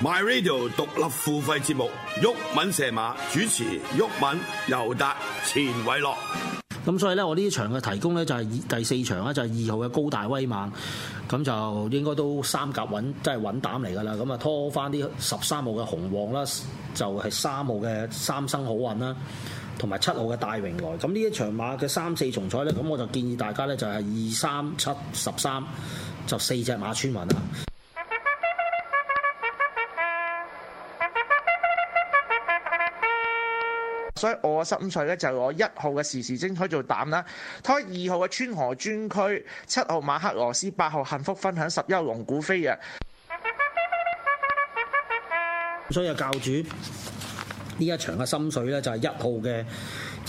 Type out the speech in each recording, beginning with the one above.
My Radio 獨立付費節目，毓民射馬主持，毓民、尤達、錢偉樂。咁所以咧，我呢場嘅提供咧就係第四場啦，就係二號嘅高大威猛，咁就應該都三甲穩，即係穩膽嚟噶啦。咁啊，拖翻啲十三號嘅紅黃啦，就係、是、三號嘅三生好運啦，同埋七號嘅大榮來。咁呢一場馬嘅三四重彩咧，咁我就建議大家咧就係二三七十三，13，就四隻馬穿勻啦。所以我心水咧就我一號嘅時時精彩做膽啦，拖二號嘅川河專區，七號馬克羅斯，八號幸福分享，十休龍古飛躍！所以教主呢一場嘅心水咧就係一號嘅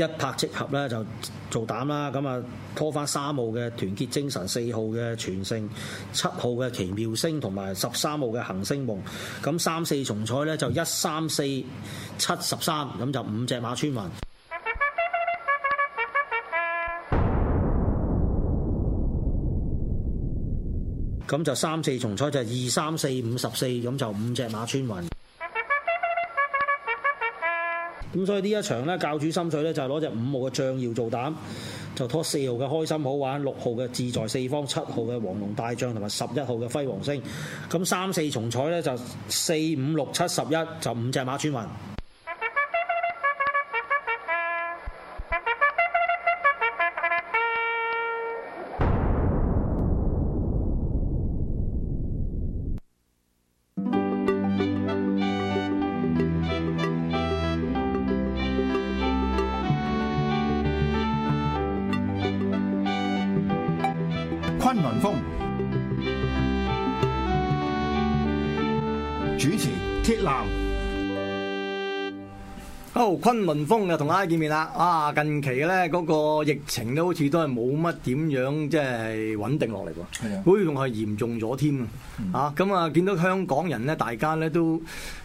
一拍即合咧就做膽啦，咁啊拖翻三號嘅團結精神，四號嘅全勝，七號嘅奇妙星同埋十三號嘅行星夢，咁三四重彩咧就一三四七十三，咁就五隻馬村雲。咁就三四重彩就二三四五十四，咁就五隻馬村雲。咁所以呢一場咧，教主心水咧就係攞隻五號嘅象要做膽，就拖四號嘅開心好玩，六號嘅自在四方，七號嘅黃龍大將同埋十一號嘅輝煌星。咁三四重彩咧就四五六七十一，就五隻馬穿雲。主持鐵男。Judy。哦，崑崙風又同大家見面啦！啊，近期嘅咧嗰個疫情咧，好似都係冇乜點樣，即係穩定落嚟喎。係啊，好似仲係嚴重咗添啊！咁啊，見到香港人咧，大家咧都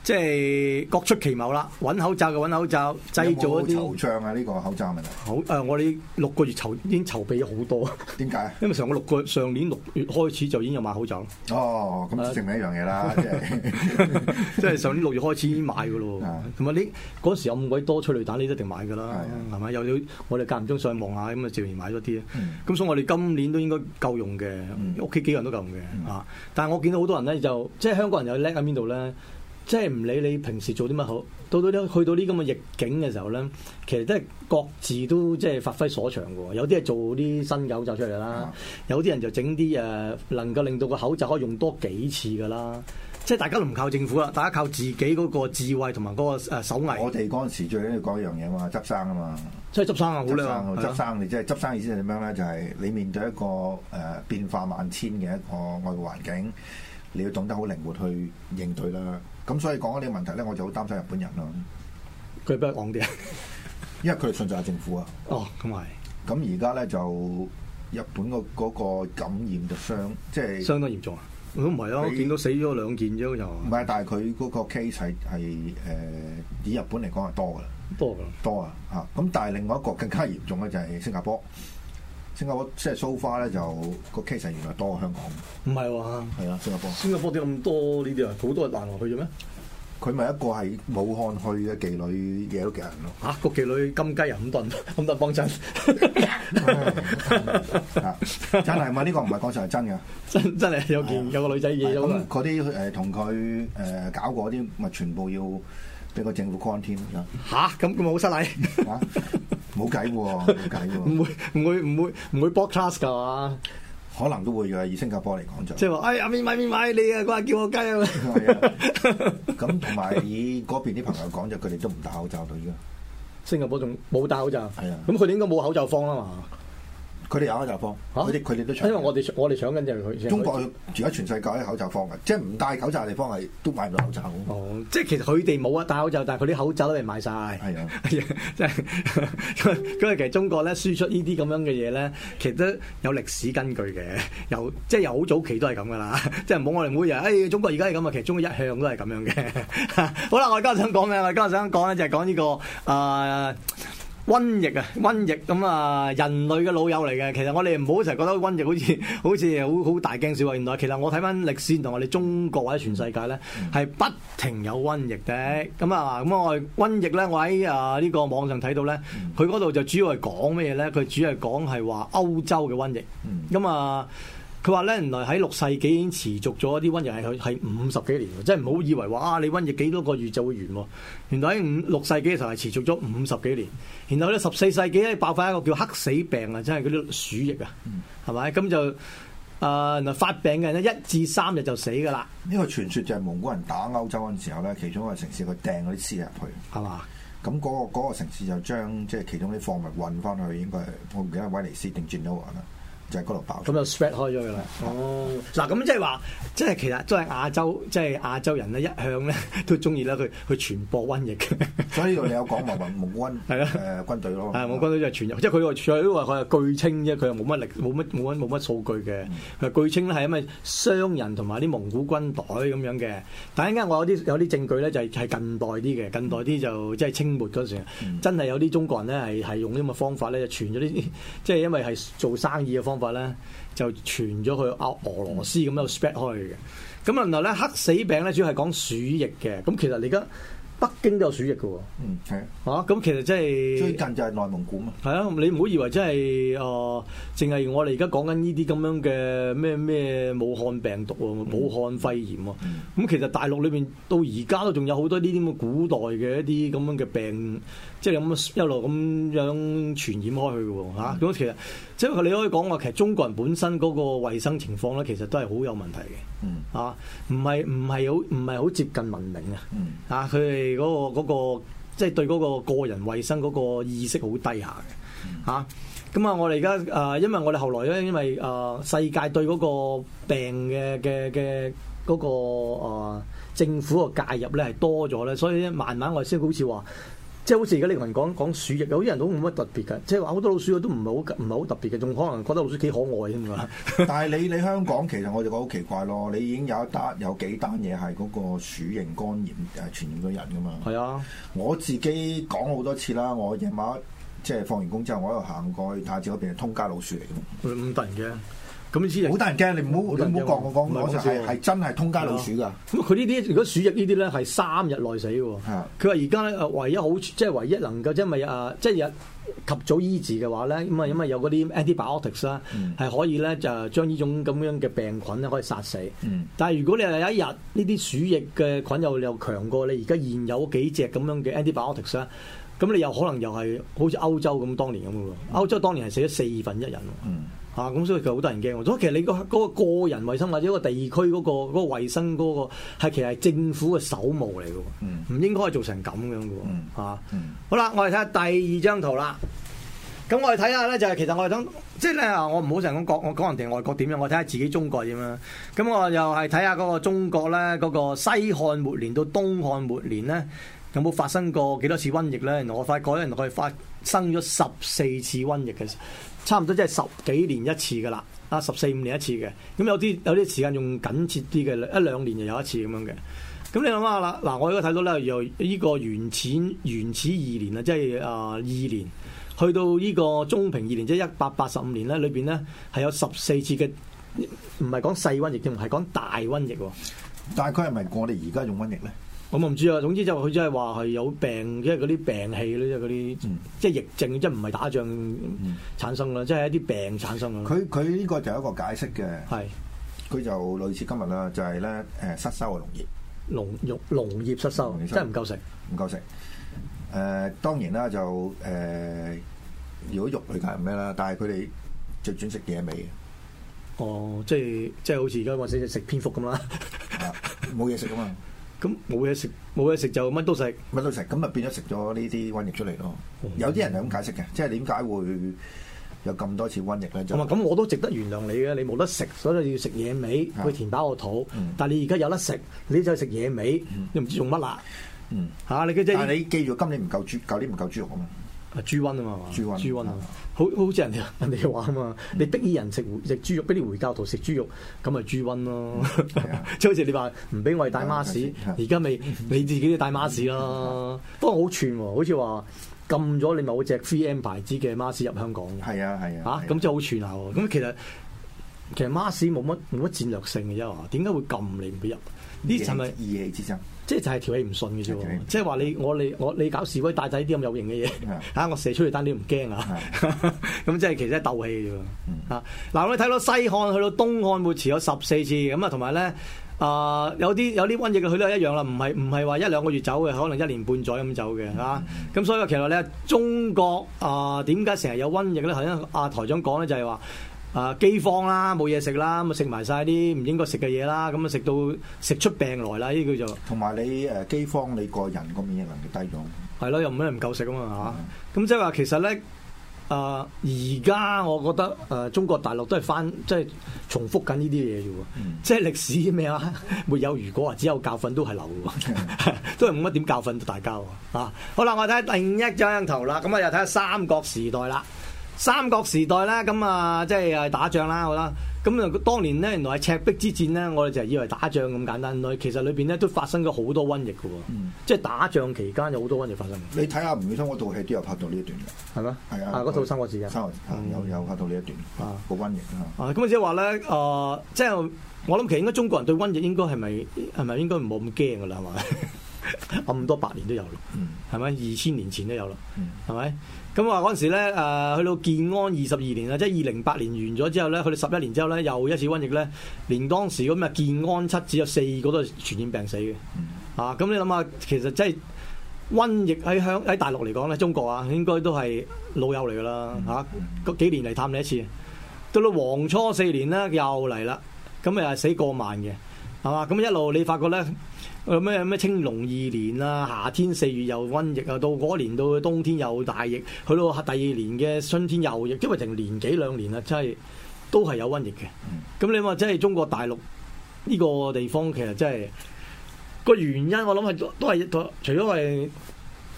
即係各出奇謀啦，揾口罩就揾口罩，製造一啲。惆悵啊！呢個口罩問題。好，誒，我哋六個月籌已經籌備咗好多。點解？因為上個六個上年六月開始就已經有買口罩啦。哦，咁證明一樣嘢啦，即係即係上年六月開始已經買嘅咯。同埋你嗰時有。位多出嚟打你一定買噶啦，係咪的？又有我哋間唔中上去望下，咁啊，照然買咗啲。咁、嗯、所以，我哋今年都應該夠用嘅，屋企、嗯、幾個人都夠用嘅、嗯、啊。但係我見到好多人咧，就即係香港人又叻喺邊度咧？即係唔理你平時做啲乜好，到到去到啲咁嘅逆境嘅時候咧，其實都係各自都即係發揮所長嘅。有啲係做啲新嘅口罩出嚟啦，嗯、有啲人就整啲誒能夠令到個口罩可以用多幾次嘅啦。即係大家都唔靠政府啦，大家靠自己嗰個智慧同埋嗰個誒手藝。我哋嗰陣時最緊要講一樣嘢嘛，執生啊嘛。即係執生啊，好叻啊！執生你即係執生意思係點樣咧？對 就係你面對一個誒變化萬千嘅一個外環境，你要懂得好靈活去應對啦。咁所以講呢個問題咧，我就好擔心日本人咯。佢不如講啲，因為佢哋信就係政府啊。哦，咁係。咁而家咧就日本個嗰個感染就相即係相當嚴重啊。我都唔係啊，你我見到死咗兩件啫，又唔係，但係佢嗰個 case 係係誒以日本嚟講係多㗎喇，多㗎，多啊吓！咁、嗯、但係另外一個更加嚴重嘅就係新加坡，新加坡即係 so far 咧就個 case 原來多香港，唔係喎，係啊，新加坡，新加坡點咁多呢啲啊？好多係難忘去咗咩？佢咪一個係武漢去嘅妓女嘢都勁咯，嚇個、啊、妓女金雞又五噸，咁噸方陣，真係嘛？呢個唔係講笑，係真嘅，真真係有件有個女仔嘢咁。嗰啲誒同佢誒搞過啲，咪全部要俾個政府關添。吓？咁咁咪好失禮？嚇， 冇計喎，冇計喎，唔會唔會唔會唔會 block class 㗎嘛？可能都會嘅，以新加坡嚟講就，即係話，哎阿咪買邊你啊，佢話叫我雞啊，咁同埋以嗰邊啲朋友講就，佢哋都唔戴口罩到依家。新加坡仲冇戴口罩，係啊，咁佢哋應該冇口罩方啊嘛。佢哋有口罩放，佢哋佢哋都搶，因為我哋我哋搶緊就係佢。中國而家全世界口罩放嘅，即係唔戴口罩嘅地方係都買唔到口罩。哦，即係其實佢哋冇啊，戴口罩，但係佢啲口罩都係賣晒。係啊、哎呀，即係，因為其實中國咧輸出呢啲咁樣嘅嘢咧，其實都有歷史根據嘅，由即係由好早期都係咁噶啦，即係好我哋冇人。哎，中國而家係咁啊，其實中國一向都係咁樣嘅。 好啦，我今日想講咩啊？今日想、就是、講咧就係講呢個啊。呃瘟疫啊，瘟疫咁啊，人類嘅老友嚟嘅。其實我哋唔好成日覺得瘟疫好似好似好好大驚小怪。原來其實我睇翻歷史同我哋中國或者全世界咧，係不停有瘟疫嘅。咁啊，咁我哋瘟疫咧，我喺啊呢個網上睇到咧，佢嗰度就主要係講咩咧？佢主要係講係話歐洲嘅瘟疫。咁、嗯、啊～佢話咧，原來喺六世紀已經持續咗啲瘟疫係係五十幾年，即係唔好以為話、啊、你瘟疫幾多個月就會完喎。原來喺五六世紀嘅時候係持續咗五十幾年，然後咧，十四世紀咧爆發一個叫黑死病啊，即係嗰啲鼠疫啊，係咪、嗯？咁就啊嗱、呃、發病嘅人咧一至三日就死㗎啦、嗯。呢個傳說就係蒙古人打歐洲嗰陣時候咧，其中一個城市佢掟嗰啲屍入去，係嘛吧？咁嗰、嗰個嗰個城市就將即係其中啲貨物運翻去，應該係我唔記得威尼斯定熱那亞啦。就喺嗰度爆咁、嗯、就 spread 開咗佢啦。哦，嗱咁即係話，即、就、係、是、其實都係亞洲，即、就、係、是、亞洲人咧一向咧都中意咧去去傳播瘟疫嘅。所以呢度 你有講埋蒙蒙軍，係啦、啊，誒、呃、軍隊咯。啊，蒙古軍隊就係傳入，即係佢話傳入都話佢係據稱啫，佢又冇乜力，冇乜冇乜冇乜數據嘅。佢、嗯、據稱咧係因為商人同埋啲蒙古軍隊咁樣嘅。但係一間我有啲有啲證據咧，就係係近代啲嘅，近代啲就即係清末嗰陣時，真係有啲中國人咧係係用啲咁嘅方法咧傳咗啲，即、就、係、是、因為係做生意嘅方法。方法咧就傳咗去俄羅斯咁樣 spread 開嘅，咁然後咧黑死病咧主要係講鼠疫嘅，咁其實你而家北京都有鼠疫嘅喎，嗯，係啊，咁其實真係，最近就係內蒙古嘛。係啊，你唔好以為真係誒淨係我哋而家講緊呢啲咁樣嘅咩咩武漢病毒啊，武漢肺炎啊，咁、嗯嗯、其實大陸裏邊到而家都仲有好多呢啲咁嘅古代嘅一啲咁樣嘅病。即係咁一路咁樣傳染開去嘅喎嚇，咁、嗯啊、其實即係你可以講話，其實中國人本身嗰個衞生情況咧，其實都係好有問題嘅，嚇、嗯，唔係唔係好唔係好接近文明、嗯、啊，嚇佢哋嗰個、嗰個、即係對嗰個個人衞生嗰個意識好低下嘅，嚇、嗯，咁啊我哋而家誒，因為我哋後來咧，因為誒、呃、世界對嗰個病嘅嘅嘅嗰個、呃、政府嘅介入咧係多咗咧，所以咧慢慢我哋先好似話。即係好似而家你同人講講鼠疫，有啲人都冇乜特別嘅，即係話好多老鼠都唔係好唔係好特別嘅，仲可能覺得老鼠幾可愛添㗎 。但係你你香港其實我就覺得好奇怪咯，你已經有一單有幾單嘢係嗰個鼠型肝炎誒傳染咗人㗎嘛？係啊，我自己講好多次啦，我夜晚即係放完工之後，我喺度行過去太子嗰邊，通街老鼠嚟嘅。唔突然嘅？咁先好多人驚，你唔好你唔好講講講笑，係係真係通街老鼠㗎、嗯。咁佢呢啲如果鼠疫呢啲咧係三日內死喎。佢話而家唯一好即係唯一能夠，即係因為啊，即係及早醫治嘅話咧，咁啊因為有嗰啲 antibiotics 啦，係可以咧就、嗯、將呢種咁樣嘅病菌咧可以殺死。嗯、但係如果你又有一日呢啲鼠疫嘅菌又又強過你而家現有幾隻咁樣嘅 antibiotics 啦，咁你又可能又係好似歐洲咁當年咁嘅喎。歐洲當年係死咗四分一人、嗯啊，咁所以佢好多人驚喎。咁其實你個嗰個個人衞生或者一個地區嗰、個嗰、個、衞生嗰、個係其實係政府嘅首務嚟嘅，唔、嗯、應該做成咁樣嘅。嚇、啊，嗯嗯、好啦，我哋睇下第二張圖啦。咁我哋睇下咧，就係其實我哋想，即係咧，我唔好成日講我講人哋外國點樣，我睇下自己中國點樣。咁我又係睇下嗰個中國咧，嗰、個西漢末年到東漢末年咧，有冇發生過幾多次瘟疫咧？我發覺咧，我哋發生咗十四次瘟疫嘅。差唔多即係十幾年一次噶啦，啊，十四五年一次嘅，咁有啲有啲時間用緊切啲嘅，一兩年就有一次咁樣嘅。咁你諗下啦，嗱，我依家睇到咧，由依個元始元始二年啊，即係啊二年，去到呢個中平二年即係一百八十五年咧，裏邊咧係有十四次嘅，唔係講細瘟疫，仲係講大瘟疫。大概係咪我哋而家用瘟疫咧？我唔知啊，總之就佢真係話係有病，即係嗰啲病氣咧，即係嗰啲即係疫症，即係唔係打仗產生啦，即係一啲病產生啦。佢佢呢個就有一個解釋嘅。係佢就類似今日啦，就係咧誒，失收嘅農業、農業、農業失收，真係唔夠食，唔夠食。誒，當然啦，就誒，如果肉類梗係咩啦，但係佢哋最轉食野味。哦，即係即係好似而家或者食蝙蝠咁啦，冇嘢食啊嘛。咁冇嘢食，冇嘢食就乜都食，乜都食，咁咪變咗食咗呢啲瘟疫出嚟咯。嗯、有啲人係咁解釋嘅，即係點解會有咁多次瘟疫咧？就話咁，嗯、我都值得原諒你嘅，你冇得食，所以要食野味去填飽個肚。嗯、但係你而家有得食，你就食野味，嗯、你唔知做乜啦、嗯。嗯，嚇、啊、你嘅、就係、你記住，今年唔夠豬，舊年唔夠豬肉啊嘛。啊豬瘟啊嘛，豬瘟啊好好似人哋人哋話啊嘛，你逼啲人食食豬肉，逼啲回教徒食豬肉，咁咪豬瘟咯。即係好似你話唔俾我哋戴 m 屎，而家咪你自己要戴 m a s 不過好串喎，好似話禁咗你某隻 t r e e M 牌子嘅 m 屎入香港，係啊係啊，嚇咁真係好串啊，咁其實。其實馬士冇乜冇乜戰略性嘅啫嘛，點解會撳你唔俾入？呢係咪意氣之爭？即係就係條氣唔順嘅啫喎，即係話你我你我你搞示威大仔啲咁有型嘅嘢嚇，我射出嚟但你唔驚啊？咁的 即係其實係鬥氣嘅喎嗱，我哋睇到西漢去到東漢會持，沒、嗯、遲有十四次咁啊，同埋咧啊有啲有啲瘟疫嘅，佢都係一樣啦，唔係唔係話一兩個月走嘅，可能一年半載咁走嘅嚇。咁、嗯嗯嗯、所以其實咧，中國啊點解成日有瘟疫咧？頭先阿台長講咧就係話。就是啊饑荒啦，冇嘢食啦，咁啊食埋晒啲唔應該食嘅嘢啦，咁啊食到食出病來啦，呢啲叫做。同埋你誒饑荒，你個人個免疫能力低咗。係咯，又唔咩唔夠食啊嘛嚇！咁即係話其實咧，啊而家我覺得誒中國大陸都係翻即係重複緊呢啲嘢啫喎，嗯、即係歷史咩啊？沒有如果啊，只有教訓都係留嘅，都係冇乜點教訓大家啊！好啦，我睇下第一張圖啦，咁啊又睇下三國時代啦。三國時代啦，咁啊，即係啊打仗啦，好啦。咁啊當年咧，原來係赤壁之戰咧，我哋就係以為打仗咁簡單，其實裏邊咧都發生咗好多瘟疫嘅，即係打仗期間有好多瘟疫發生。你睇下吳宇森嗰套戲都有拍到呢一段嘅，係嘛？係啊，嗰套三國時間，三國有有拍到呢一段啊，個瘟疫啊。咁即係話咧，誒，即係我諗其實應該中國人對瘟疫應該係咪係咪應該唔冇咁驚噶啦，係咪？咁多百年都有咯，係咪？二千年前都有咯，係咪？咁我話嗰時咧，誒、呃、去到建安二十二年啦，即係二零八年完咗之後咧，去到十一年之後咧，又一次瘟疫咧，連當時咁啊，建安七子有四個都係傳染病死嘅。啊，咁、嗯、你諗下，其實即係瘟疫喺香喺大陸嚟講咧，中國啊，應該都係老友嚟噶啦嚇，個、啊、幾年嚟探你一次，到到黃初四年啦，又嚟啦，咁、嗯、又係死過萬嘅。係嘛？咁一路你發覺咧，咩咩青龍二年啊，夏天四月又瘟疫啊，到嗰年到冬天又大疫，去到第二年嘅春天又疫，即係成年幾兩年啦，真係都係有瘟疫嘅。咁、嗯、你話即係中國大陸呢個地方其實真係個原因我，我諗係都係除咗係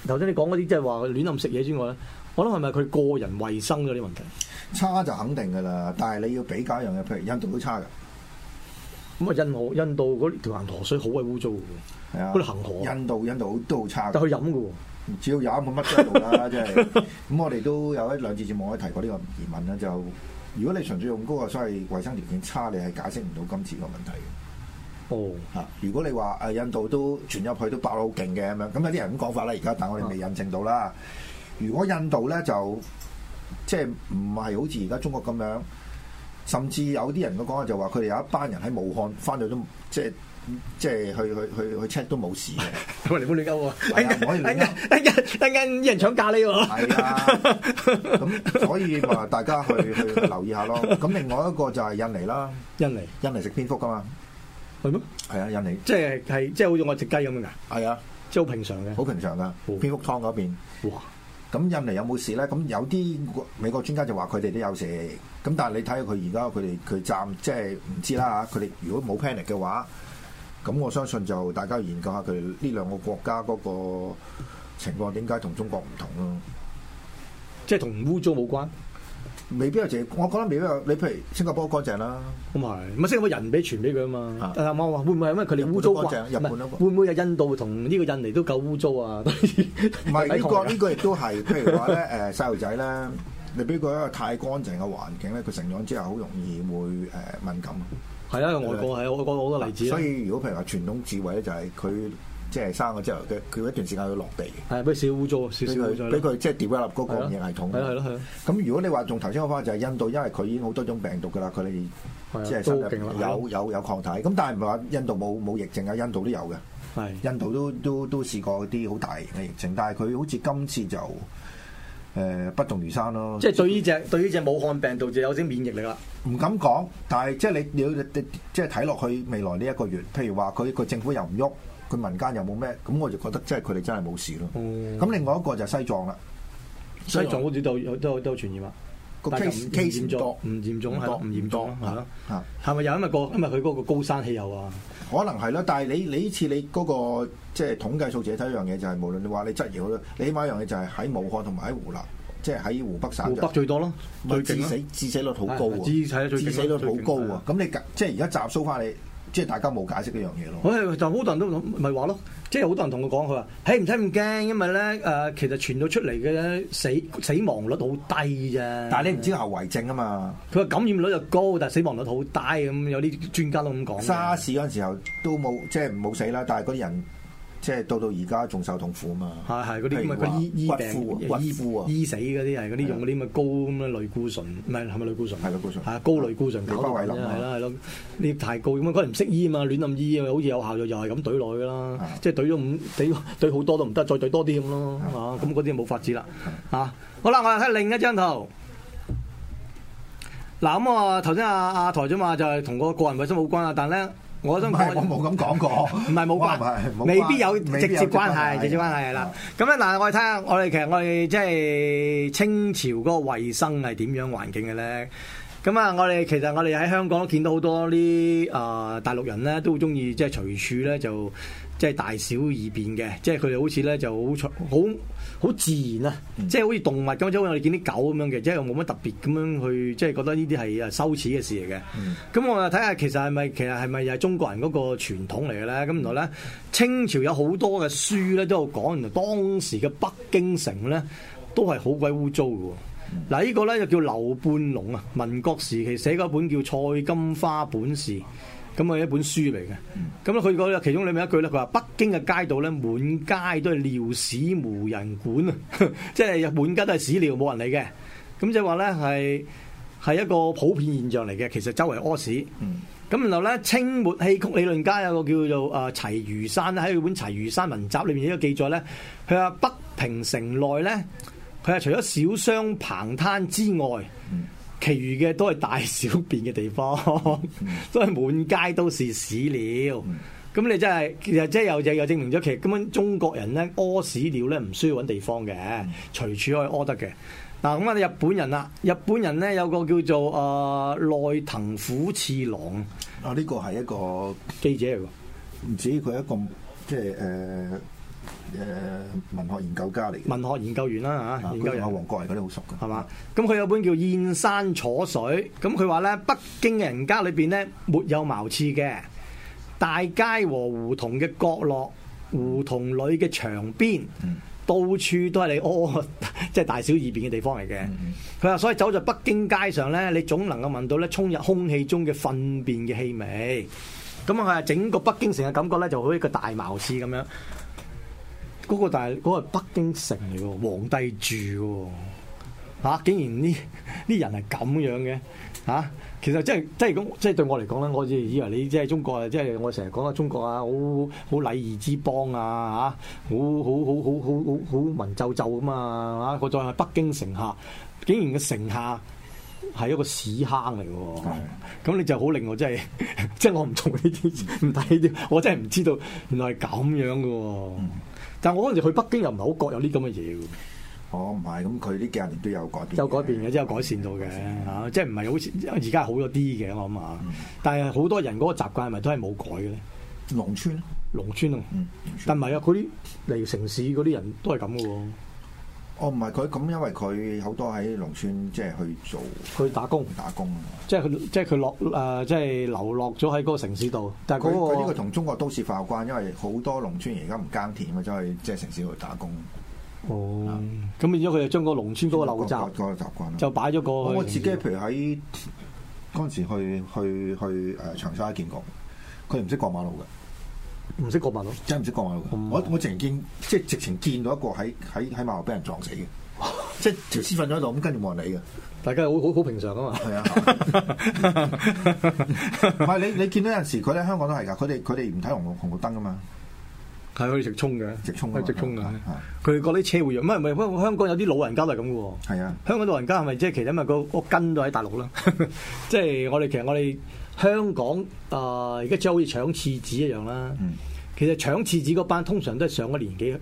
頭先你講嗰啲即係話亂咁食嘢之外咧，我諗係咪佢個人衞生嘅啲問題？差就肯定噶啦，但係你要比較一樣嘢，譬如印度都差噶。咁啊，印度印度嗰條恆河水好鬼污糟嘅，嗰啲恆河。印度印度都好差，但去飲嘅喎。只要有飲，乜都喺度啦，即係。 咁我哋都有一兩次節目我提過呢個疑問啦，就如果你純粹用嗰個所謂衞生條件差，你係解釋唔到今次個問題嘅。哦，嚇！如果你話誒印度都傳入去都爆得好勁嘅咁樣，咁有啲人咁講法啦。而家但係我哋未印證到啦。如果印度咧就即係唔係好似而家中國咁樣？甚至有啲人佢講啊，就話佢哋有一班人喺武漢翻咗都，即係即係去去去去 check 都冇事嘅。喂，你唔好亂鳩喎！哎呀，唔可以，啲人搶咖喱喎！係啊，咁所以話大家去去留意下咯。咁另外一個就係印尼啦，印尼，印尼食蝙蝠噶嘛？係咩？係啊，印尼，即係係即係好似我食雞咁樣噶？係啊，即係好平常嘅，好平常噶，蝙蝠湯嗰邊。咁印尼有冇事咧？咁有啲美國專家就話佢哋都有事。咁但係你睇下佢而家佢哋佢站，即係唔知啦嚇。佢哋如果冇 panic 嘅話，咁我相信就大家研究下佢呢兩個國家嗰個情況點解同中國唔同咯。即係同污糟冇關。未必有淨，我覺得未必有。你譬如新加坡乾淨啦，咁係，咪新加坡人俾傳俾佢啊嘛。阿媽話：會唔會係因為佢哋污糟？乾淨。或日本咯，會唔會有印度同呢個印尼都夠污糟啊？美國呢個亦都係，譬如話咧誒細路仔咧，你俾佢一個太乾淨嘅環境咧，佢成長之後好容易會誒、呃、敏感。係啊，外國係、呃、外國好多例子。所以如果譬如話傳統智慧咧，就係、係、佢。即係生咗之後，佢佢一段時間要落地。係，俾少污糟少少，俾佢即係掉一粒嗰個免疫系統。係咯係咯。咁如果你從話仲頭先個方法，就係、是、印度，因為佢已經好多種病毒噶啦，佢哋即係有有有抗體。咁但係唔係話印度冇冇疫症啊？印度都有嘅。係的。印度都都都，都試過啲好大型嘅疫情，但係佢好似今次就誒、呃、不動如山咯。即係對呢隻對呢隻武漢病毒就有啲免疫力啦。唔敢講，但係即係你你，你，你即係睇落去未來呢一個月，譬如話佢個政府又唔喐。佢民間又冇咩？咁我就覺得即係佢哋真係冇事咯。咁另外一個就係西藏啦，西以藏區都都都傳染啊？個 case c 唔嚴重，唔嚴重，唔嚴重係咯，係咪又因為個因為佢嗰個高山氣候啊？可能係啦，但係你你呢次你嗰個即係統計數字睇一樣嘢就係，無論你話你質疑好，你起碼一樣嘢就係喺武漢同埋喺湖南，即係喺湖北省就最多咯。致死致死率好高啊！致死致死率好高啊！咁你即係而家集蘇翻你？即係大家冇解釋一樣嘢咯。咁 好多人都咁，咪話咯。即係好多人同佢講，佢話，嘿，唔使咁驚，因為咧，誒、呃，其實傳到出嚟嘅死死亡率好低啫。但係你唔知後遺症啊嘛。佢話感染率就高，但係死亡率好低咁，有啲專家都咁講。沙士嗰陣時候都冇，即係冇死啦。但係嗰啲人。即係到到而家仲受痛苦啊嘛，係係嗰啲咁啊，醫醫病啊，醫醫死嗰啲係嗰啲用嗰啲咁嘅高咁嘅類固醇唔係咪類固醇？係類固醇，係高類固醇。個人衞生係啦係咯，你太高咁啊，佢唔識醫啊嘛，亂咁醫啊，好似有效就又係咁懟耐嘅啦，即係懟咗五，懟懟好多都唔得，再懟多啲咁咯，咁嗰啲冇法子啦嚇。好啦，我嚟睇另一張圖。嗱咁啊，頭先阿阿台姐嘛就係同個個人衞生冇關啊，但咧。我都我冇咁講過，唔係冇關，關未必有直接關係，直接關係係啦。咁咧嗱，是的 我哋睇下我哋其實我哋即係清朝嗰個衞生係點樣環境嘅咧。咁啊，我哋其實我哋喺香港都見到好多啲啊大陸人咧都好中意即係隨處咧就。即係大小二便嘅，即係佢哋好似咧就好好好自然啊！即係好似動物咁，即係我哋見啲狗咁樣嘅，即係冇乜特別咁樣去，即係覺得呢啲係啊羞恥嘅事嚟嘅。咁、嗯、我啊睇下，其實係咪其實係咪又係中國人嗰個傳統嚟嘅咧？咁原來咧，清朝有好多嘅書咧都有講，原來當時嘅北京城咧都係好鬼污糟嘅。嗱、啊這個、呢個咧就叫劉半農啊，民國時期寫嗰本叫《賽金花本事》。咁係一本書嚟嘅，咁咧佢講其中裡面一句咧，佢話北京嘅街道咧，滿街都係尿屎無人管啊， 即係入滿街都係屎尿冇人嚟嘅，咁即係話咧係係一個普遍現象嚟嘅，其實周圍屙屎。咁、嗯、然後咧，清末戲曲理論家有個叫做啊、呃、齊如山喺佢本《齊如山文集》裏面有個記載咧，佢話北平城內咧，佢係除咗小商棚攤之外。嗯其餘嘅都係大小便嘅地方，嗯、都係滿街都是屎尿。咁、嗯、你真係，其實真係有又又證明咗，其實根本中國人咧屙屎尿咧唔需要揾地方嘅，嗯、隨處可以屙得嘅。嗱、啊，咁啊，日本人啦，日本人咧有個叫做誒、呃、內藤虎次郎啊，呢個係一個記者嚟㗎，唔止佢一個即係誒。呃誒文學研究家嚟，嘅文學研究員啦嚇，佢同阿黃國仁嗰啲好熟嘅，係嘛吧？咁佢、嗯、有本叫《燕山楚水》。咁佢話咧，北京嘅人家裏邊咧沒有茅廁嘅大街和胡同嘅角落、胡同裏嘅牆邊，嗯、到處都係你屙即係大小二便嘅地方嚟嘅。佢話、嗯，嗯、所以走在北京街上咧，你總能夠聞到咧衝入空氣中嘅糞便嘅氣味。咁啊，整個北京城嘅感覺咧就好似一個大茅廁咁樣。嗰個但係嗰個係北京城嚟喎，皇帝住喎，啊，竟然呢啲人係咁樣嘅嚇，啊。其實真係真係咁，即係對我嚟講咧，我以為你即係中國，即係中國啊，即係我成日講到中國啊，好好禮儀之邦啊嚇，好好好好好好文縐縐咁嘛啊，我再係北京城客，竟然嘅城客係一個屎坑嚟嘅，咁的你就好令我真係即係我唔從呢啲唔睇呢啲，我真係唔知道原來係咁樣嘅。嗯但我嗰陣時去北京又唔係好覺有啲咁嘅嘢喎。哦，唔係，咁佢呢幾廿年都有，有改變，有改變嘅、啊，即係有改善到嘅嚇，即係唔係好似而家好咗啲嘅我諗啊。嗯、但係好多人嗰個習慣係咪都係冇改嘅咧？農村，農村啊，嗯、村但係唔係啊？啲例如城市嗰啲人都係咁嘅喎。哦，唔係佢咁，因為佢好多喺農村，即係去做去打工，打工啊！ 即係佢、呃，即係佢落誒，即係流落咗喺嗰個城市度。但係嗰個，佢呢個同中國都市化有關，因為好多農村而家唔耕田啊嘛，走去即係城市去打工。哦、嗯，咁變咗佢就將個農村嗰個陋習慣，就擺咗過去個。我自己譬如喺嗰陣時去去去誒長沙見過，佢唔識過馬路嘅。唔識過馬路，真係唔識過馬路。我我直情見，即係直情見到一個喺喺喺馬路俾人撞死嘅，即係條屍瞓咗喺度，咁跟住冇人理嘅。大家好好好平常噶嘛。係啊， 唔係你你見到有陣時，佢喺香港都係噶，佢哋佢哋唔睇紅綠紅綠燈噶嘛，係佢直沖嘅，直沖，佢直沖嘅。佢嗰啲車會弱，唔係唔係，香港有啲老人家都係咁噶喎。係是啊，香港老人家係咪即係其實因為個屋根都喺大陸啦？即係我哋，其實我哋。香港啊，而家即係好似搶廁紙一樣啦。嗯，其實搶廁紙嗰班通常都係上個年紀，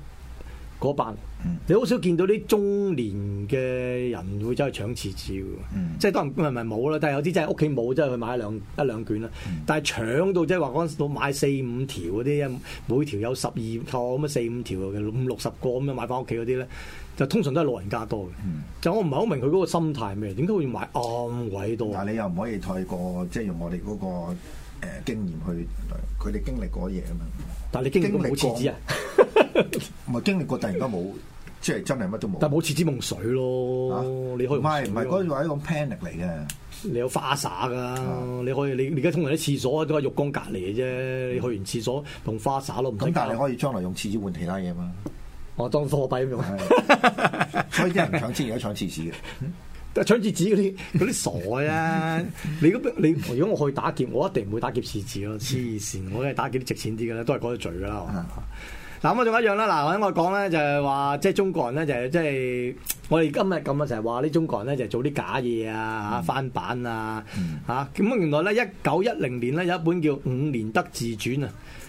班，嗯、你好少見到啲中年嘅人會走去搶廁紙嘅，嗯、即係當然唔係冇啦，但係有啲真係屋企冇，真係去買一兩一兩卷啦。嗯、但係搶到即係話講到買四五條嗰啲，每條有十二套咁啊，四五條五六十個咁樣買翻屋企嗰啲咧，就通常都係老人家多嘅。嗯、就我唔係好明佢嗰個心態係咩，點解會買咁鬼多？但係你又唔可以太過，即、就、係、是、用我哋嗰個誒經驗去佢哋經歷過嘢啊嘛。但係你經歷過冇廁紙啊？歷 唔係經歷過突然間冇，即係真係乜都冇。但係冇廁紙冇水咯，你可以唔係唔係嗰個係一種 panic 嚟嘅。你有花灑噶，你可以你而家通常啲廁所都係浴缸隔籬嘅啫。你去完廁所用花灑咯，咁但係你可以將來用廁紙換其他嘢嘛，我當貨幣咁用，所以有人搶廁紙，而家搶廁紙嘅，但係搶廁紙嗰啲嗰啲傻啦。你你如果我去打劫，我一定唔會打劫廁紙咯，黐線！我梗係打劫啲值錢啲嘅咧，都係嗰啲嘴噶啦。嗱，我仲一樣啦，嗱，我講咧就係話，即係中國人咧就係即係，我哋今日咁啊，就係話啲中國人咧就係做啲假嘢啊，嗯、翻版啊，嚇、嗯，咁原來咧一九一零年咧有一本叫《五年德自傳》啊，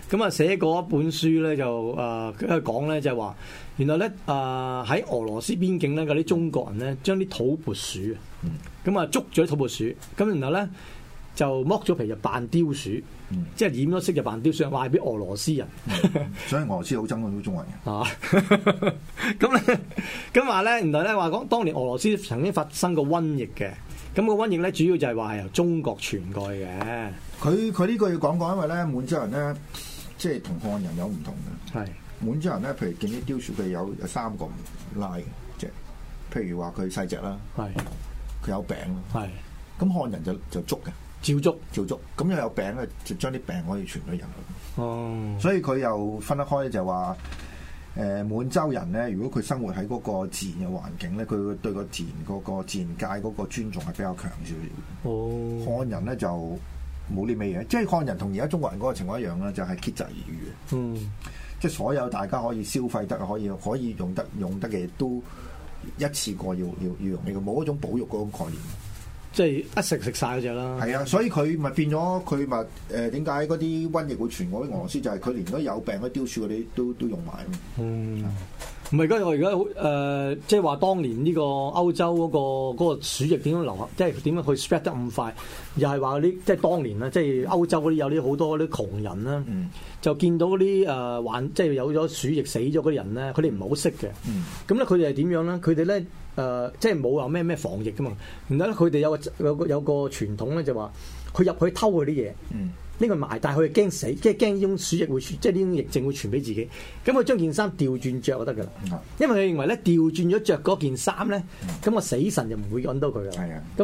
咁啊寫過一本書咧就誒、呃、講咧就係話，原來咧誒喺俄羅斯邊境咧嗰啲中國人咧將啲土撥鼠，咁啊、嗯、捉咗啲土撥鼠，咁然後咧。就剝咗皮就扮貂鼠，即係染咗色就扮貂鼠，賣俾俄羅斯人。所以俄羅斯好憎嗰啲中國人啊！咁咧咁話咧，原來咧話講，當年俄羅斯曾經發生過瘟疫嘅，咁個瘟疫咧主要就係話係由中國傳過嘅。佢佢呢個要講講，因為咧滿洲人咧即係同漢人有唔同嘅。係滿洲人咧，譬如見啲貂鼠，佢有有三個唔拉嘅，即係譬如話佢細隻啦，係佢有柄咯，咁漢人就就捉嘅。照足，照足，咁又有病咧，就將啲病可以傳咗人。哦、嗯，所以佢又分得開就，就、呃、話，誒滿洲人咧，如果佢生活喺嗰個自然嘅環境咧，佢會對個自然嗰、嗰個自然界嗰個尊重係比較強少少。哦、嗯，漢人咧就冇啲咩嘢，即係漢人同而家中國人嗰個情況一樣啦，就係竭澤而漁嘅。嗯，即係所有大家可以消費得可以可以，可以用得用得嘅嘢都一次過要要要用呢個，冇一種保育嗰種概念。即係一食食晒嗰隻啦。係啊，所以佢咪變咗佢咪誒點解嗰啲瘟疫會傳嗰啲俄羅斯？嗯、就係佢連如果有病嗰啲貂鼠嗰啲都都用埋。嗯，唔係嗰個而家好即係話當年呢個歐洲嗰、嗰個嗰個鼠疫點樣流行？即係點樣去 spread 得咁快？又係話啲即係當年啊，即係歐洲嗰啲有啲好多啲窮人啦，嗯、就見到啲誒患即係有咗鼠疫死咗嗰啲人咧，佢哋唔好識嘅。咁咧佢哋係點樣咧？佢哋咧？誒、呃，即係冇話咩咩防疫㗎嘛，然後咧，佢哋有個有個有個傳統咧，就話佢入去偷嗰啲嘢，嗯呢個埋，但係佢又驚死，即係驚呢種鼠疫會傳，即係呢種疫症會傳俾自己。咁佢將件衫調轉着就得噶啦，因為佢認為咧調轉咗着嗰件衫咧，咁個、嗯、死神就唔會揾到佢噶。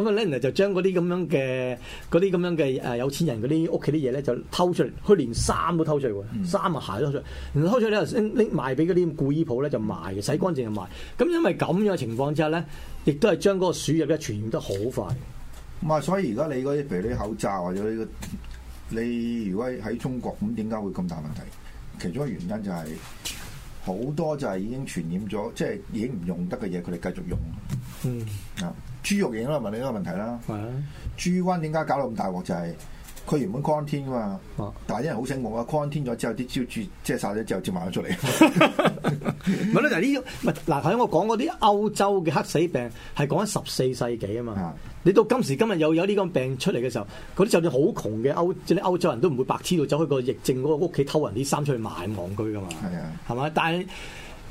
咁啊咧，原來就將嗰啲咁樣嘅嗰啲咁樣嘅誒有錢人嗰啲屋企啲嘢咧就偷出嚟，佢連衫都偷出嚟，衫啊鞋都偷出嚟，偷出嚟咧拎賣俾嗰啲故衣舖咧就賣，洗乾淨就賣。咁因為咁樣嘅情況之下咧，亦都係將嗰個鼠疫咧傳染得好快。唔啊、嗯，所以而家你嗰啲譬如你啲口罩或者啲。你如果喺中國，咁點解會咁大問題？其中一個原因就係、是、好多就係已經傳染咗，即、就、係、是、已經唔用得嘅嘢，佢哋繼續用。嗯，啊豬肉影都係問你一個問題啦。係啊，豬瘟點解搞到咁大鑊？就係、是。佢原本擴天㗎嘛，但係因為好醒目啊！擴天咗之後，啲蕉絕即係曬咗之後，就賣咗出嚟。咪咯，就係呢，咪嗱頭先我講嗰啲歐洲嘅黑死病係講緊十四世紀啊嘛。啊你到今時今日又有呢個病出嚟嘅時候，嗰啲就算好窮嘅歐即係歐洲人都唔會白痴到走去個疫症嗰個屋企偷人啲衫出去賣，冇居噶嘛。係啊，係嘛？但係。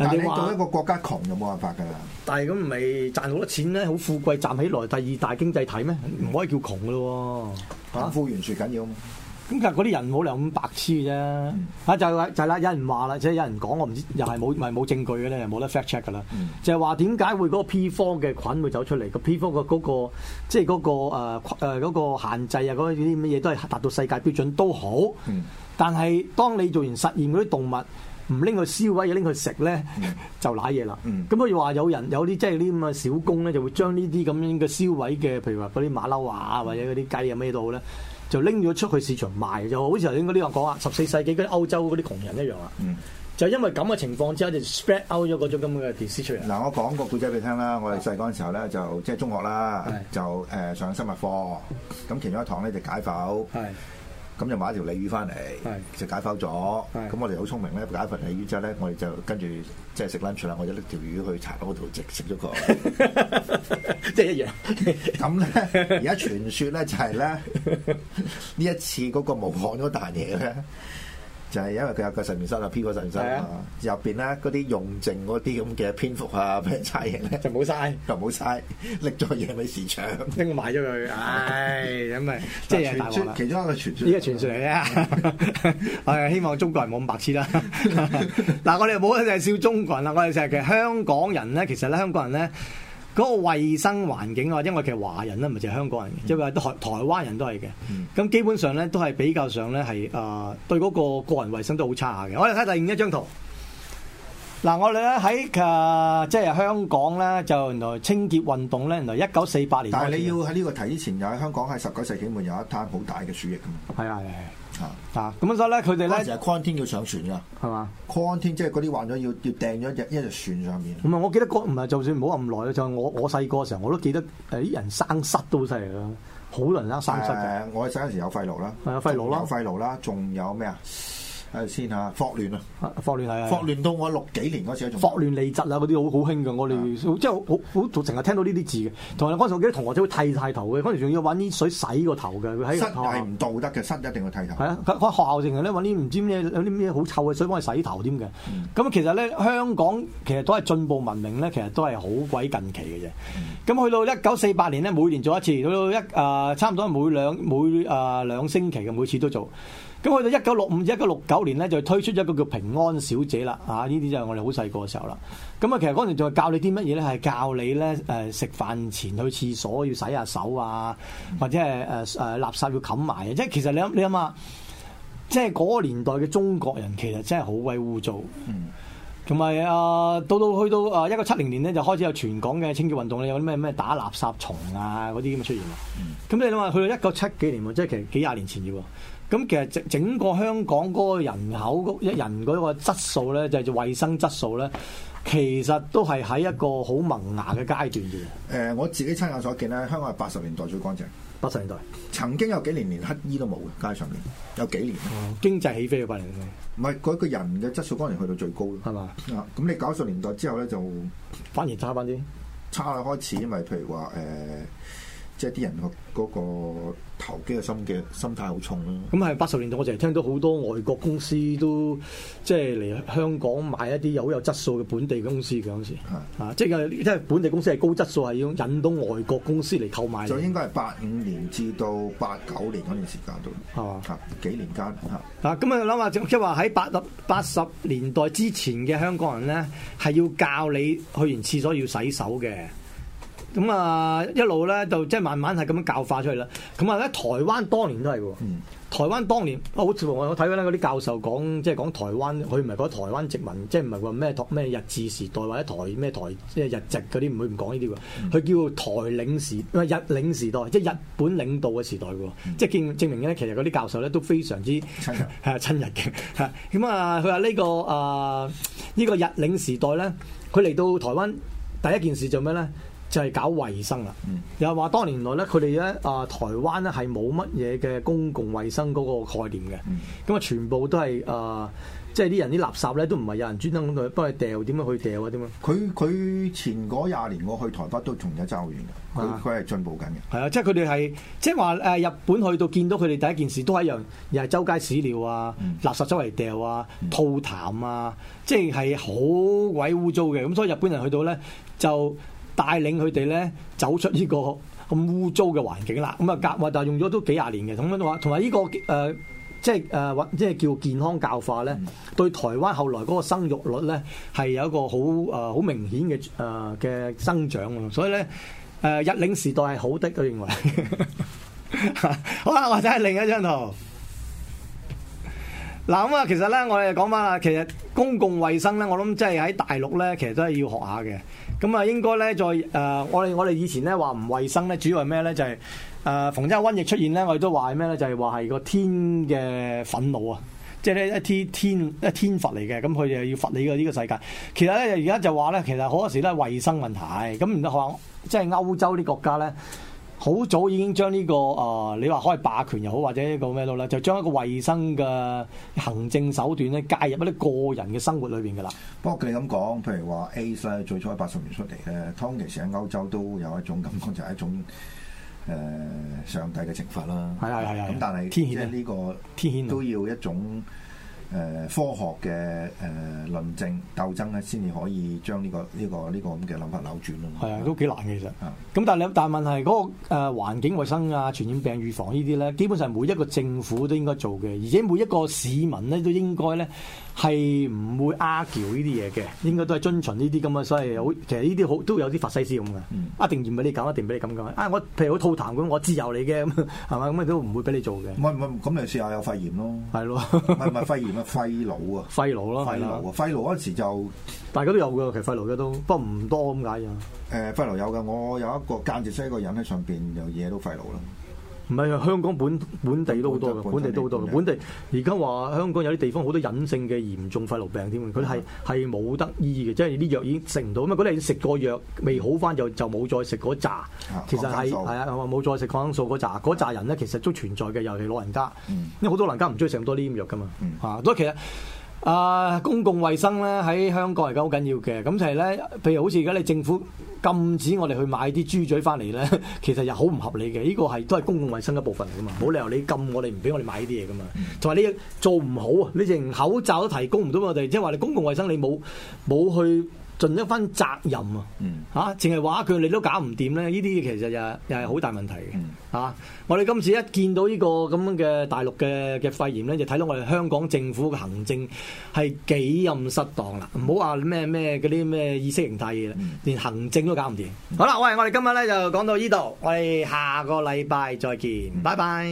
但對一個國家窮就冇辦法噶啦。但係咁唔係賺好多錢咧，好富貴站起來第二大經濟體咩？唔可以叫窮噶咯，揾富源最緊要。咁其實嗰啲人冇理咁白痴嘅啫。啊，就係就係啦，就是、有人話啦，即、就、係、是、有人講，我唔知又係冇咪冇證據嘅咧，又冇得 fact check 噶啦。嗯、就係話點解會嗰個 P 方嘅菌會走出嚟？P 那個 P 方、就是那個嗰個即係嗰個誒誒嗰個限制啊，嗰啲乜嘢都係達到世界標準都好。嗯、但係當你做完實驗嗰啲動物。唔拎去燒毀，要拎去食咧、嗯、 就瀨嘢啦。咁所以話有人有啲即係啲咁嘅小工咧，就，是、就會將呢啲咁樣嘅燒毀嘅，譬如話嗰啲馬騮啊，或者嗰啲雞啊咩都好咧，就拎咗出去市場賣，就好似頭先嗰啲話講啊，十四世紀嗰啲歐洲嗰啲窮人一樣啊。嗯、就因為咁嘅情況之下就 spread out 咗嗰種咁嘅點死出嚟。嗱，我講個故仔俾你聽啦。我哋細嗰陣時候咧就即係、就是、中學啦，就誒上生物課，咁是、嗯、其中一堂咧就解剖。是咁就買條鯉魚翻嚟，是就解剖咗。咁是我哋好聰明咧，解一份鯉魚之後咧，我哋就跟住即係食 lunch 啦，我就拎條魚去柴火度直食咗個，即係一樣, 樣呢。咁咧而家傳説咧就係、是、咧呢 一次嗰個武漢嗰啖嘢咧。就係因為佢有個實驗室啊，P 個實驗室入邊咧嗰啲用淨嗰啲咁嘅蝙蝠啊咩差嘢咧，就冇曬，就冇曬，拎咗嘢去市場，拎賣咗佢，唉，咁咪即係傳傳，其中一個傳説，呢個傳説嚟嘅？唉、啊，ceu, lar, 哎、希望中國人冇咁白痴啦。嗱，我哋冇就係笑中國人啦，我哋就係其實香港人咧，其實咧香港人咧。嗰個衞生環境啊，因為其實華人咧，唔係淨係香港人，即係話台台灣人都係嘅。咁、嗯、基本上咧，都係比較上咧係啊，對嗰個個人衞生都好差嘅。我哋睇另一張圖。嗱，我哋咧喺啊，即係香港咧，就原來清潔運動咧，原來一九四八年。但係你要喺呢個提之前，就喺香港喺十九世紀末有一攤好大嘅鼠疫㗎嘛。係啊！係啊！啊，咁樣所以咧，佢哋咧嗰陣時係 quarantine 要上船噶，係嘛吧？quarantine 即係嗰啲患咗要要掟咗只一條船上面。唔係，我記得嗰，唔係就算唔好咁耐，就係、是、我我細個嘅時候我都記得誒啲人生蝨都好犀利啦，好多人生生蝨。嘅、呃，我細嗰陣時有肺癆啦，係啊，肺癆啦，有肺癆啦，仲有咩啊？係先嚇，霍亂啊！霍亂係啊，霍亂到我六幾年嗰時霍亂痢疾啊，嗰啲好好興嘅。我哋即係好好成日聽到呢啲字嘅。同埋嗰陣時，我記得同學仔會剃剃頭嘅，嗰陣時仲要揾啲水洗個頭嘅。喺係唔道德嘅，濕一定要剃頭。係啊，喺學校成日咧揾啲唔知咩有啲咩好臭嘅水幫佢洗頭添嘅。咁的、嗯、其實咧，香港其實都係進步文明咧，其實都係好鬼近期嘅啫。咁、嗯嗯、去到一九四八年咧，每年做一次，去到一誒差唔多每兩每誒兩星期嘅，每次都做。咁去到一九六五至一九六九年咧，就推出一個叫平安小姐啦。啊，呢啲就係我哋好細個嘅時候啦。咁啊，其實嗰陣仲係教你啲乜嘢咧？係教你咧，誒、呃、食飯前去廁所要洗下手啊，或者係誒誒垃圾要冚埋啊。即係其實你諗，你諗啊，即係嗰個年代嘅中國人其實真係好鬼污糟。嗯。同埋啊，到到去到啊一九七零年咧，就開始有全港嘅清潔運動，有啲咩咩打垃圾蟲啊，嗰啲咁嘅出現咁、嗯嗯、你諗下，去到一九七幾年喎，即係其實幾廿年前嘅喎。啊。咁其實整整個香港嗰個人口一人嗰個質素咧，就係、是、衛生質素咧，其實都係喺一個好萌芽嘅階段嘅。誒，我自己親眼所見咧，香港係八十年代最乾淨。八十年代曾經有幾年連乞衣都冇嘅街上面，有幾年。哦、嗯，經濟起飛嘅八十年代，唔係嗰個人嘅質素當然去到最高咯，係嘛吧？咁、嗯、你九十年代之後咧就反而差翻啲，差開始，因為譬如話誒。呃即係啲人個嗰投機嘅心嘅心態好重咯。咁係八十年代，我淨係聽到好多外國公司都即係嚟香港買一啲有好有質素嘅本地公司嘅，嗰陣時啊，即係本地公司係高質素，係要引到外國公司嚟購買。就應該係八五年至到八九年嗰段時間度。哦是的、啊，嚇幾年間嚇。啊，咁啊諗下，即係話喺八八十年代之前嘅香港人咧，係要教你去完廁所要洗手嘅。咁啊、嗯，一路咧就即係慢慢係咁樣教化出去啦。咁啊，喺台灣當年都係嘅。台灣當年啊，好似、嗯哦、我睇翻咧啲教授講，即係講台灣，佢唔係講台灣殖民，即係唔係話咩托咩日治時代或者台咩台即係日籍嗰啲，佢唔會唔講呢啲嘅。佢叫台領時啊日領時代，即係日本領導嘅時代嘅。即係見證明咧，其實嗰啲教授咧都非常之係親， 親日嘅。嚇咁啊，佢話呢個啊呢、呃呢個日領時代咧，佢嚟到台灣第一件事做咩咧？就係搞衞生啦，又話當年來咧，佢哋咧啊，台灣咧係冇乜嘢嘅公共衞生嗰個概念嘅，咁啊、嗯、全部都係啊，即係啲人啲垃圾咧都唔係有人專登咁去幫佢掉，點樣去掉啊？點樣啊？佢佢前嗰廿年我去台北都仲有爭好遠嘅，佢佢係進步緊嘅。係啊，即係佢哋係即係話誒日本去到見到佢哋第一件事都係一樣，又係周街屎尿啊、垃圾周圍掉啊、吐痰、嗯嗯、啊，即係係好鬼污糟嘅。咁所以日本人去到咧就到呢。就帶領佢哋咧走出呢個咁污糟嘅環境啦，咁啊甲，就用咗都幾廿年嘅，咁樣話，同埋呢個誒，即係誒、呃，即係叫健康教化咧，對台灣後來嗰個生育率咧係有一個好誒好明顯嘅誒嘅增長，所以咧誒、呃、日領時代係好的，佢認為。 好啊，我睇下另一張圖。嗱咁啊，其實咧我哋講翻啊，其實公共衛生咧，我諗即係喺大陸咧，其實都係要學下嘅。咁啊，應該咧再誒、呃，我哋我哋以前咧話唔衞生咧，主要係咩咧？就係、是、誒、呃、逢親瘟疫出現咧，我哋都話係咩咧？就係話係個天嘅憤怒啊！即係咧一天天一天罰嚟嘅，咁佢誒要罰你嘅呢個世界。其實咧，而家就話咧，其實好多時都係衞生問題。咁唔得可，即係歐洲啲國家咧。好早已經將呢、這個啊、呃，你話可以霸權又好，或者呢個咩都啦，就將一個衞生嘅行政手段咧，介入一啲個、個人嘅生活裏邊噶啦。不過佢哋咁講，譬如話 AIDS 咧，最初喺八十年出嚟咧，當其時喺歐洲都有一種感覺，嗯、就係一種誒、呃、上帝嘅懲罰啦。係係係。咁、啊啊啊、但係即係呢個天譴、啊、都要一種。誒科學嘅誒論證鬥爭咧，先至可以將呢個呢個呢個咁嘅諗法扭轉咯。係啊，都幾難嘅其實。咁但係你但係問題嗰個誒環境衞生啊、傳染病預防呢啲咧，基本上每一個政府都應該做嘅，而且每一個市民咧都應該咧係唔會 argue 呢啲嘢嘅，應該都係遵循呢啲咁嘅，所以好其實呢啲好都有啲法西斯咁嘅，一定唔俾你搞，一定俾你咁講啊！我譬如好吐痰咁，我自由你嘅咁係嘛？咁都唔會俾你做嘅。唔係唔係，咁嚟試下有肺炎咯。係咯，咪咪肺炎啊！肺癆啊，肺癆咯，肺癆啊，肺癆嗰陣時就大家都有噶，其實肺癆嘅都不過唔多咁解啊。誒、呃，肺癆有噶，我有一個間接識，一個人喺上邊又惹都肺癆啦。唔係香港本本地都好多嘅，本地都好多。嘅身。本地而家話香港有啲地方好多隱性嘅嚴重肺癆病添，佢係係冇得醫嘅，即係啲藥已經食唔到。咁啊，嗰啲食過藥未好翻就就冇再食嗰扎。其實係係啊，冇再食抗生素嗰扎，嗰扎人咧其實都存在嘅，尤其老人家。因為好多老人家唔中意食咁多黏藥㗎嘛。啊，所以其實。啊，uh, 公共衛生咧喺香港嚟講好緊要嘅，咁就係咧，譬如好似而家你政府禁止我哋去買啲豬嘴翻嚟咧，其實又好唔合理嘅，呢個係都係公共衛生一部分嚟噶嘛，冇理由你禁我哋唔俾我哋買呢啲嘢噶嘛，同埋你做唔好啊，你連口罩都提供唔到俾我哋，即係話你公共衛生你冇冇去。盡一分責任、嗯、啊！嚇，淨係話佢你都搞唔掂咧，呢啲其實又又係好大問題嘅嚇、嗯啊。我哋今次一見到呢、呢個咁樣嘅大陸嘅嘅肺炎咧，就睇到我哋香港政府嘅行政係幾咁失當啦。唔好話咩咩嗰啲咩意識形態嘢啦，嗯、連行政都搞唔掂。嗯、好啦，喂，我哋今日咧就講到呢度，我哋下個禮拜再見，嗯、拜拜。